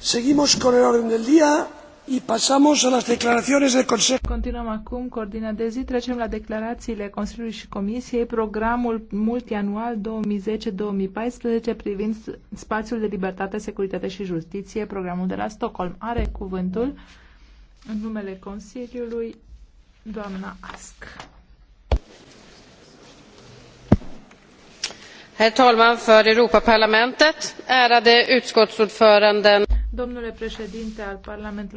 Seguimos con el orden del día y pasamos a las declaraciones del Consejo. Continuăm acum cu ordinea de zi. Trecem la declarațiile Consiliului și Comisiei, programul multianual 2010-2014 privind spațiul de libertate, securitate și justiție, programul de la Stockholm. Are cuvântul în numele Consiliului doamna Ast. Herr talman för Europaparlamentet, ärade utskottsordföranden.